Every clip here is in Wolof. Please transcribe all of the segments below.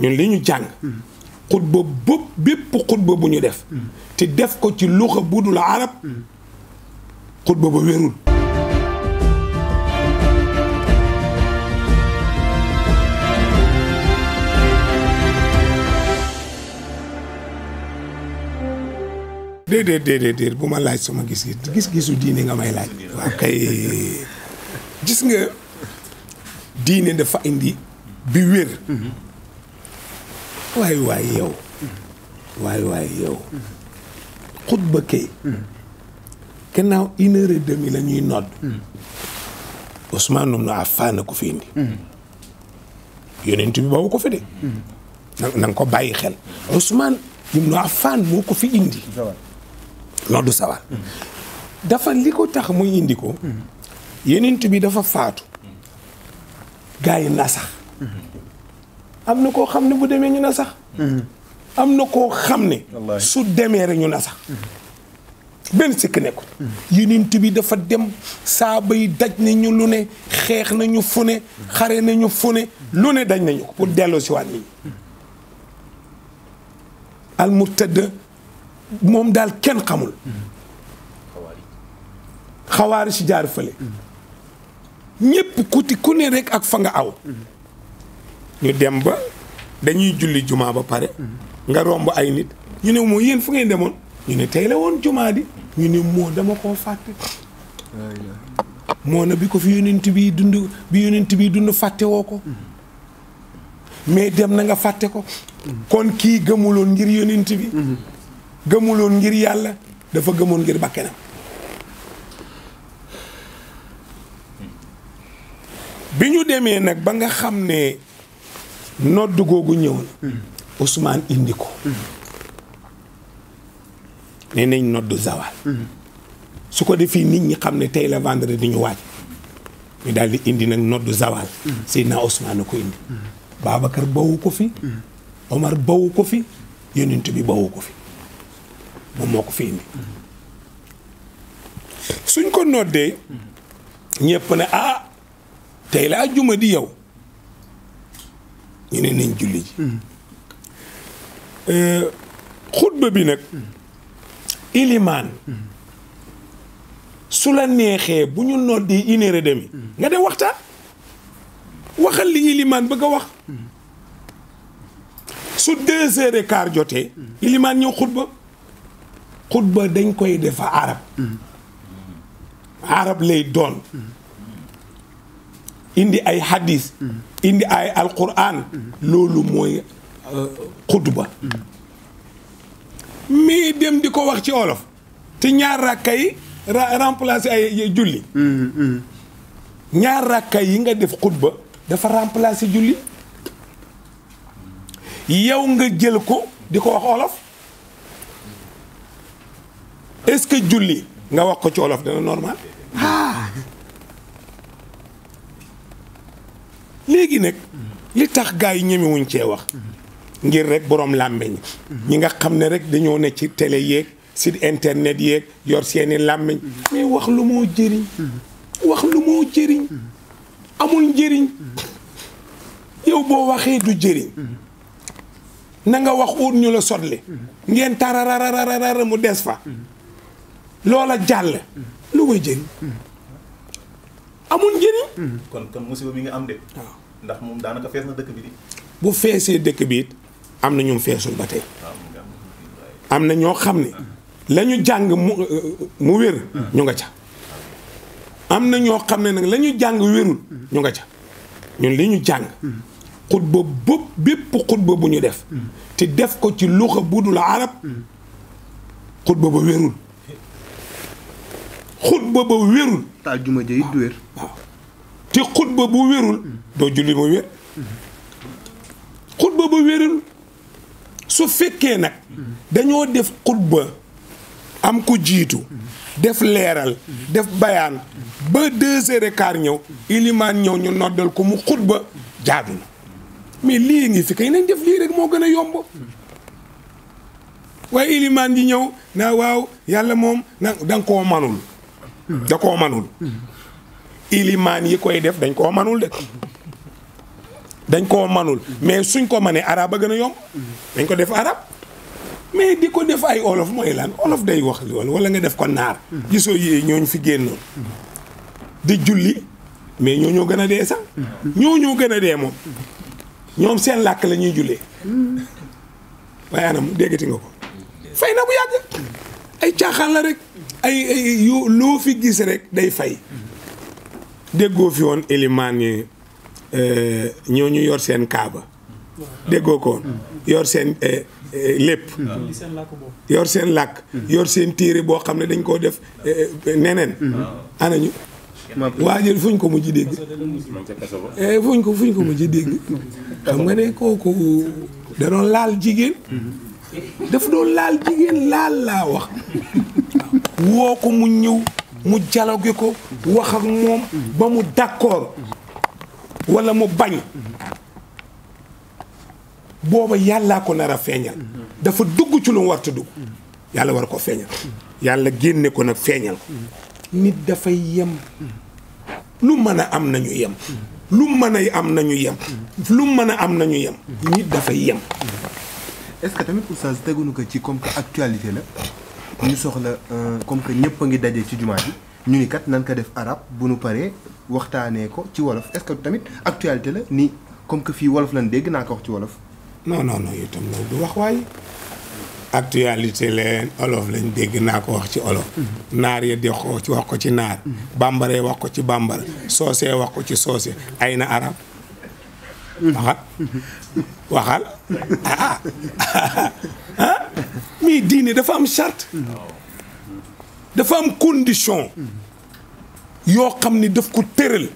ñun li ñu jàng xutba bopp bépp xutba bu ñu def te def ko ci luxa bu dul arab xutba ba wérul déedéet déedéet déet bu ma laaj sama gis-gis gis-gisu diine nga may laaj waaw kay gis nga diine dafa indi bi wér waay waay yow waay waay yow xutba kay gannaaw une heure et demie la ñuy nodd Ousmane ibn ko fi indi yonent bi bawu ko fi de na nga ko bàyyi xel Ousmane ibn Affan moo ko fi indi noddu sawar dafa li ko tax muy indi ko yonent bi dafa faatu gars yi nasax am na koo xam ne bu demee ñu na sax. Mm-hmm. am na koo xam ne. su demee rek ñu na sax. Mm-hmm. benn sikk nekkul. Mm-hmm. yonent bi dafa dem saaba yi daj nañu lu ne xeex nañu fu ne xare nañu fu ne lu ne daj nañu ko pour delloo si waat nit ñi. almurtad moom daal kenn xamul. xawaari si jaar fële. ñépp kuti ku ne rek ak fa nga aw. ñu dem ba dañuy julli jumaa ba pare nga romb ay nit ñu ne moo yéen fu ngeen demoon ñu ne tey la woon jumaa di ñu ne moo dama koo fàtte moo na bi ko fi yonent bi dund bi yonent bi dund fàtte woo ko mais dem na nga fàtte ko kon kii gëmuloon ngir yonent bi gëmuloon ngir yàlla dafa gëmoon ngir bakkenam bi ñu demee nag ba nga xam ne nodd googu ñëwoon mm-hmm. Ousmane indi ko mm-hmm. nee nañ nodd zawal mm-hmm. su ko defee nit ñi xam ne tey la vendredi ñu waaj ñu daal indi nag noddu zawal Seydina Ousmane ko indi Babacar bawu ko fi Omar bawu ko fi yonent bi bawu ko fi moom moo ko fi indi suñ ko noddee ñëpp ne ah tey la ajjuma di yow ñu ne nañ julli ji hmm. euh, xutba bi nag hmm. ilimaan hmm. su la neexee bu ñu noddi une heure et demie nga dem waxtaan waxal li ilimaan bëgg a wax su deux heures et quart jotee ilimaan ñëw xutba xutba dañ koy defa arab arab lay doon indi ay hadis. indi ay alquran. loolu mooy euh, xutba. mais dem di ko wax ci olof. te ñaar rakka yi remplacer ay yi nga def xutba dafa remplacer julli. yow nga jël ko di ko wax olof. est-ce que julli nga wax ko ci olof dana normal. léegi nag li tax gars yi ñemewuñ cee wax ngir rek boroom làmmeñ ñi nga xam ne rek dañoo ne ci tele yéeg site internet yeeg yor seeni làmmeñ mais wax lu moo jëriñ wax lu moo jëriñ amul njëriñ yow boo waxee du jëriñ na nga wax ñu la ngeen tararararara mu des fa jàll lu koy jëriñ amul njëriñ kon kon musiba mi nga am de ndax moom daanaka na dëkk bi bu feesee dëkk bi am na ñoom feesul ba tey am na ñoo xam ne lañu jàng euh, mu wér ñu nga ca am na ñoo xam ne nag la jàng wérul ñu nga ca ñun li ñu jàng xutba bopp bépp xutba bu ñu def te def ko ci luxa bu la arab xutba ba wérul xutba ba wérul juma jëyit te xutba bu wérul doo julli ba wér xutba ba wérul su fekkee nag dañoo def xutba am ko jiitu def leeral def bayaan ba deux heures et ñëw ilimaan ñëw ñu noddal ko mu xutba jaadu mais lii ngi fi kay nañ def lii rek moo gën a yomb waaye ilimaan ji ñëw naa waaw yàlla moom na da nga koo manul da koo manul ilimaan yi koy def dañ koo manul de dañ koo manul mais suñ ko mënee araab a gën a yomb dañ ko def arab mais di ko def ay olof mooy lan olof day wax loolu wala nga def ko naar gisoo yéey ñooñ fi génnoon di julli mais ñoo ñoo gën a dee sax ñoo ñoo gën a dee moom ñoom seen làkk la ñuy jullee waaye anam déggati nga ko fay na bu yàgg ay caaxaan la rek ay ay loo fi gis rek day fay déggoo fi woon élimaan yi eh, ñoo ñu yor seen kaaba déggoo ko yor seen eh, eh, lépp yor seen làkk yor seen téere boo xam ne dañ koo def neneen anañu waajal fuñ ko mujj dégg fuñ ko fuñ ko mujj dégg xam nga ne kooku da laal jigéen daf doon laal jigéen laal laa wax woo ko mu ñëw mu dialogué ko wax ak moom ba mu d'accord wala mu bañ booba yàllaa ko nar a feeñal dafa dugg ci lu mu warta dugg yàlla war ko feeñal yàlla génne ko nag feeñal nit dafay yem lu mën a am nañu yem lu mën a am nañu yem lu mën am nañu yem nit dafay yem ce que tamit oustaz ko ci comme que la ñu soxla euh, comme que ñëpp a ngi daje ci jumaa ji ñu ni kat nan ko def arab bu nu paree waxtaanee ko ci wolof est-ce que tamit actualité la ni comme que fii wolof lan dégg naa ko wax ci wolof. non non non du wax waaye actualité leen lañ dégg naa ko wax ci olof. Mhm. naar ya di wax ko ci naar. Mhm. bambara wax ko ci bambara. soosee wax ko ci soose ay na arab. waxal waxal ah ah diine dafa am charte dafa am condition yoo xam ni daf ko tëral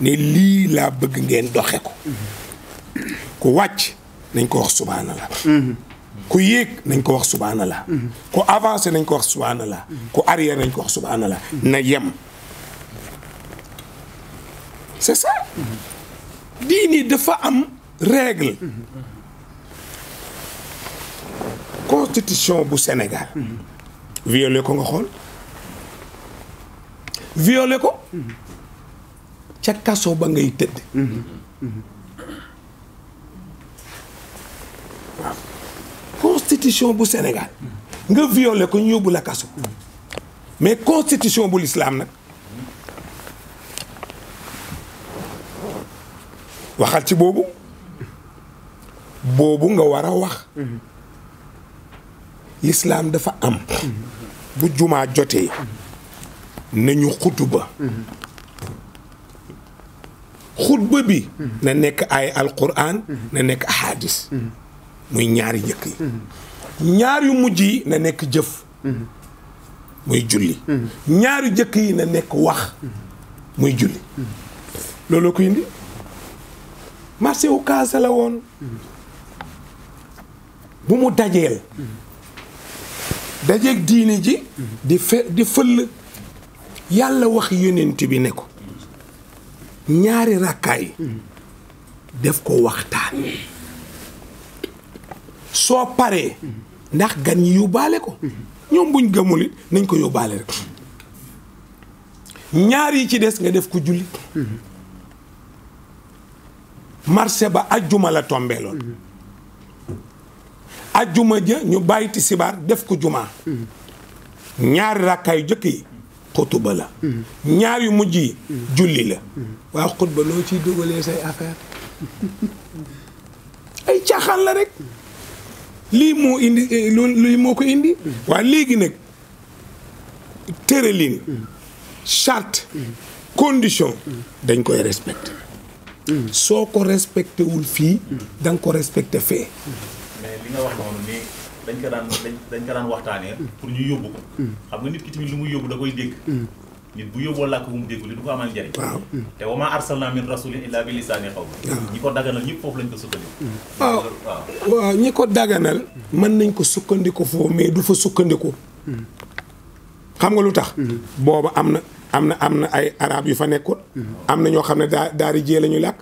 ne lii laa bëgg ngeen doxe ko ku wàcc nañ ko wax subaana la ku yéeg nañ ko wax subaana la ku avancé nañ ko wax subaana la ku arrière nañ ko wax subaana la na yem c'est ça diini dafa am règle constitution bu Sénégal violé ko nga xool violé ko ca kaso ba ngay tëdd waaw constitution bu Sénégal nga violé ko ñu yóbbu la kaso mais constitution bu l'islam nag waxal ci boobu boobu nga war a wax lislaam dafa am bu jumaa jotee nañu xutuba xutba bi na nekk ay alquran na nekk ahadis muy ñaari njëkk yi ñaar mujj yi na nekk jëf muy julli ñaari jëkk yi na nekk wax muy julli looloo ko indi marché wu kaase la woon bu mu dajeel dajeeg diine ji di fe di fëll yàlla wax yonent bi ne ko ñaari rakkaay def ko waxtaan soo paree ndax gan yi yóbbaale ko ñoom buñ gëmul nañ ko yóbbaale rek ñaar yi ci des nga def ko julli marché ba ajjuma la tombee ajjuma ja ñu bàyyi tisbaar def ko jumaa ñaari rakkaayu jëkk yi xutuba la ñaar yu mujj yi julli la waaw xutba loo ciy dugalee say affaire ay caaxaan la rek lii moo indi eh, lii moo ko indi waaye léegi nag tëralin charte condition dañ koy respecté soo ko respecté wul fii. da ko respecté fee. mais li nga wax noonu ni dañ ko daan dañ ko waxtaanee. pour ñu yóbbu ko. xam nga nit ki tamit lu muy yóbbu da koy dégg. nit bu yóbboo làkk bu mu dégg li du ko amal njariñ. te wa maa arsalnaa min rasulin illaa bi lisaani xaw ñi ko daganal ñëpp foofu lañ ko sukkandiku. waaw waaw ñi ko daganal. mën nañ ko sukkandiku foofu mais du fa sukkandiku. Hmm. xam nga lu tax. Hmm. booba am na. am na am na ay arab yu fa nekkoon. am na ñoo xam ne daa daari jee la ñuy làkk.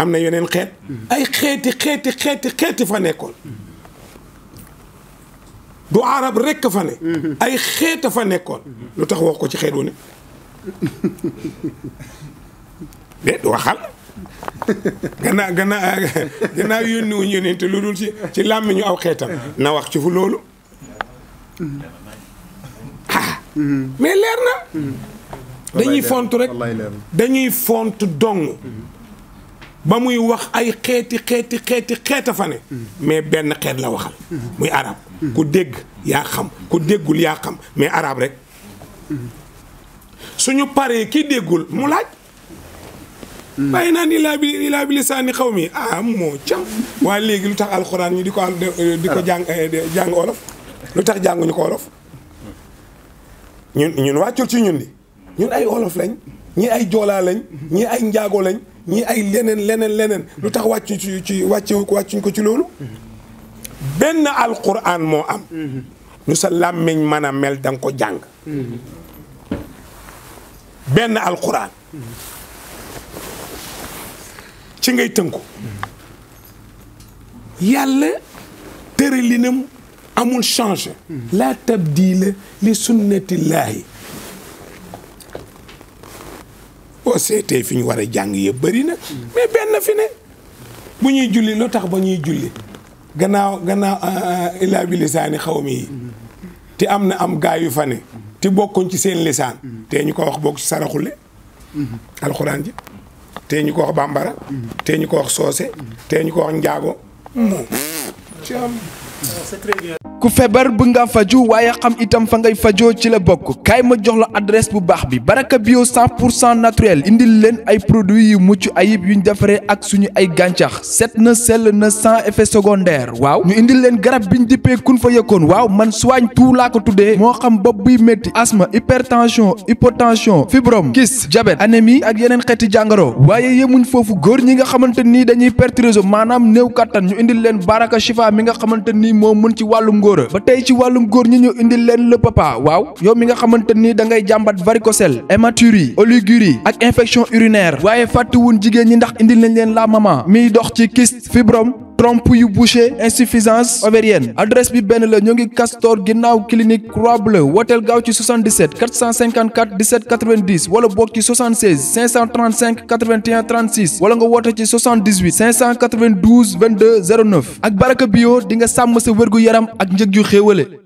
am na yeneen xeet. ay xeeti xeeti xeeti xeeti fa nekkoon. du arab rekk fa ne. ay xeeta fa nekkoon. lu tax wax ko ci xeet wu ne. déet waxal. gannaaw gannaaw gannaaw yónni wuñ yónente lu dul ci ci làmmiñu aw xeetam. na wax ci fu loolu. Mm-hmm. mais mm-hmm. leer na. dañuy fontu rek dañuy fontu dong. Mm-hmm. ba muy wax ay xeeti xeeti xeeti xeeta fa ne mais benn xeet la waxal muy arab ku dégg yaa xam ku déggul yaa xam mais araab rek suñu paree ki déggul mu laaj bàyyi naan ilaa bi ilaa bi lisaani xaw mi ah moo cam waa léegi lu tax alxuraan ñi di ko di eh, jàng olof lu tax jànguñu ko olof ñun ñun wàccul ci ñun di ñun ay olof lañ ñii ay joolaa lañ ñii ay njaago lañ ñii ay leneen leneen leneen lu tax wàccu ci ci wàccu wàccuñ ko ci loolu benn alquran moo am lu sa làmmiñ mën a mel danga ko jàng benn alquran ci ngay tënku yàlla tëralinam amul change laa tabdila li sunnatillaahi boo seetee fi ñu war a jàng yëpp bëri na mais benn fi ne bu ñuy julli lu tax ba ñuy julli gannaaw gannaaw ah, ah, ilaa lisaani xaw mi yi te am na am gaa yu fa ne te bokkuñ ci seen lisaan te ñu ko wax bokk ci saraxule alxuraan ji te ñu ko wax bambara te ñu ko wax soose te ñu ko wax njaago moom c'est très bien. ku feebar bu nga faju waaye xam itam fa ngay fajoo ci la bokk kaay ma jox la adresse bu baax bi baraka bio 100 pour cent naturel indil leen ay produits yu mucc ayib yuñ defaree ak suñu ay gàncax set na sel na sans effet secondaire waaw ñu indil leen garab biñ dippee kun fa yëkkoon waaw man soigne tout laa ko tuddee moo xam bopp buy métti asthme hypertension hypotension fibrome kyste diabète anémie ak yeneen xeeti jàngoro waaye yemuñ foofu góor ñi nga xamante nii dañuy perte réseau maanaam néew kattan ñu indil leen baraka chifa mi nga xamante nii moo mën ci wàllum ngóor Gora ba tey ci wàllum góor ñi ñu indi leen le papa waaw yow mi nga xamante ni da ngay jàmbat varicocèle hématurie oligurie ak infection urinaire waaye fàttewuñ jigéen ñi ndax indil nañ leen la maman miy dox ci kyste fibrome trompe yu bouché insuffisance ovarienne adresse bi benn la ñoo ngi Castor ginnaaw clinique Croix Bleue wooteel gaaw ci 77 454 17 90 wala boog ci 76 535 81 36 wala nga woote ci 78 592 22 09 ak baraka bio di nga sàmm sa wérgu yaram ak njëg yu xéewale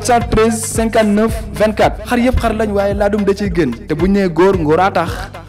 413 59 24 xar yëpp xar lañ waaye laa dum da ciy gën te bu ñee nee góor ngóoraa tax